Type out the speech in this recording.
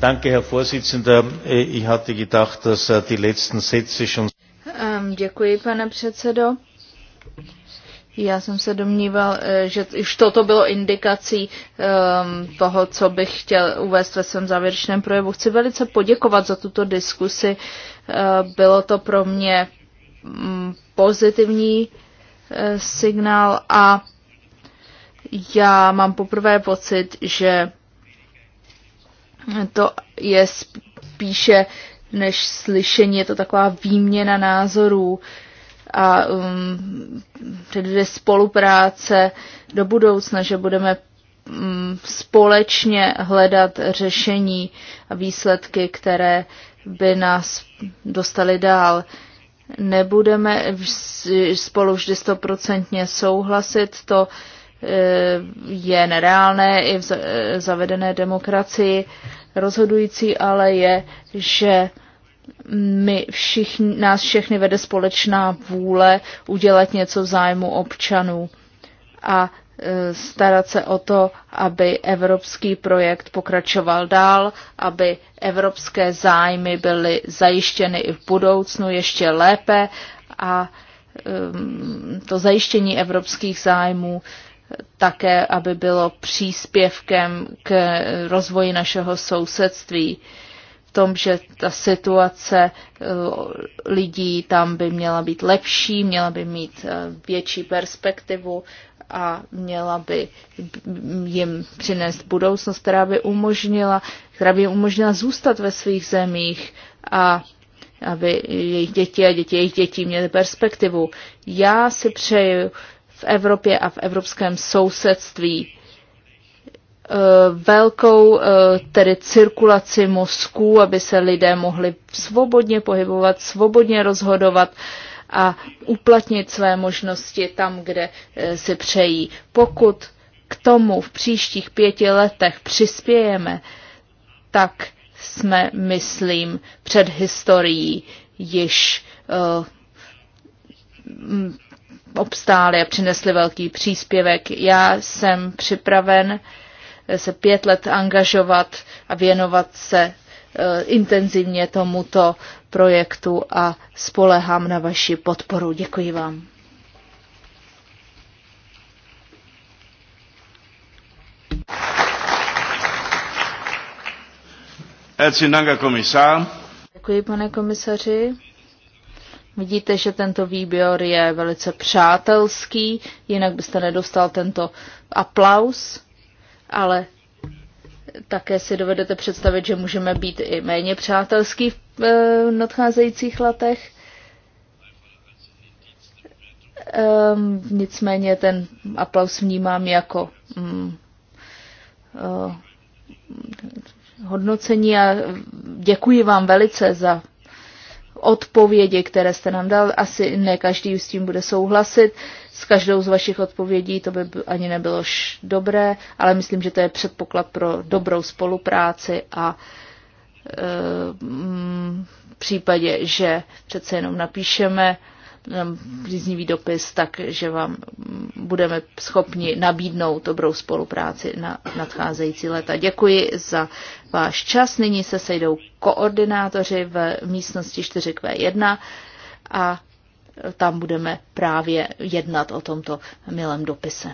Danke, Herr Vorsitzender. Ich hatte gedacht, dass um die letzten Sätze schon. Ähm, děkuji, pane předsedo. Já jsem se domníval, eh, že už toto bylo indikací um, toho, co bych chtěl uvést ve svém závěrečném projevu. Chci velice poděkovat za tuto diskusi. Uh, bylo to pro mě um, pozitivní uh, signál a já mám poprvé pocit, že to je spíše než slyšení, je to taková výměna názorů a um, tedy spolupráce do budoucna, že budeme um, společně hledat řešení a výsledky, které by nás dostali dál. Nebudeme spolu vždy stoprocentně souhlasit, to uh, Eh, je nereálné i v eh, zavedené demokracii. Rozhodující ale je, že my všichni, nás všechny vede společná vůle udělat něco v zájmu občanů a eh, starat se o to, aby evropský projekt pokračoval dál, aby evropské zájmy byly zajištěny i v budoucnu ještě lépe a ehm, to zajištění evropských zájmů také, aby bylo příspěvkem k rozvoji našeho sousedství v tom, že ta situace eh, lidí tam by měla být lepší, měla by mít eh, větší perspektivu a měla by jim přinést budoucnost, která by umožnila, která by umožnila zůstat ve svých zemích a aby jejich děti a děti jejich dětí měly perspektivu. Já si přeju v Evropě a v evropském sousedství e, velkou e, tedy cirkulaci mozků, aby se lidé mohli svobodně pohybovat, svobodně rozhodovat a uplatnit své možnosti tam, kde e, si přejí. Pokud k tomu v příštích pěti letech přispějeme, tak jsme, myslím, před historií již obstáli a přinesli velký příspěvek. Já jsem připraven se pět let angažovat a věnovat se e, intenzivně tomuto projektu a spolehám na vaši podporu. Děkuji vám. Děkuji, pane komisaři. Vidíte, že tento výběr je velice přátelský, jinak byste nedostal tento aplaus, ale také si dovedete představit, že můžeme být i méně přátelský v e, nadcházejících letech. Um, nicméně ten aplaus vnímám jako um, uh, hodnocení a děkuji vám velice za odpovědi, které jste nám dal. Asi ne každý s tím bude souhlasit. S každou z vašich odpovědí to by ani nebylo š dobré, ale myslím, že to je předpoklad pro dobrou spolupráci a e, mm, v případě, že přece jenom napíšeme příznivý dopis, tak že vám mm, budeme schopni nabídnout dobrou spolupráci na nadcházející leta. Děkuji za váš čas. Nyní se sejdou koordinátoři v místnosti 4Q1 a tam budeme právě jednat o tomto milém dopise.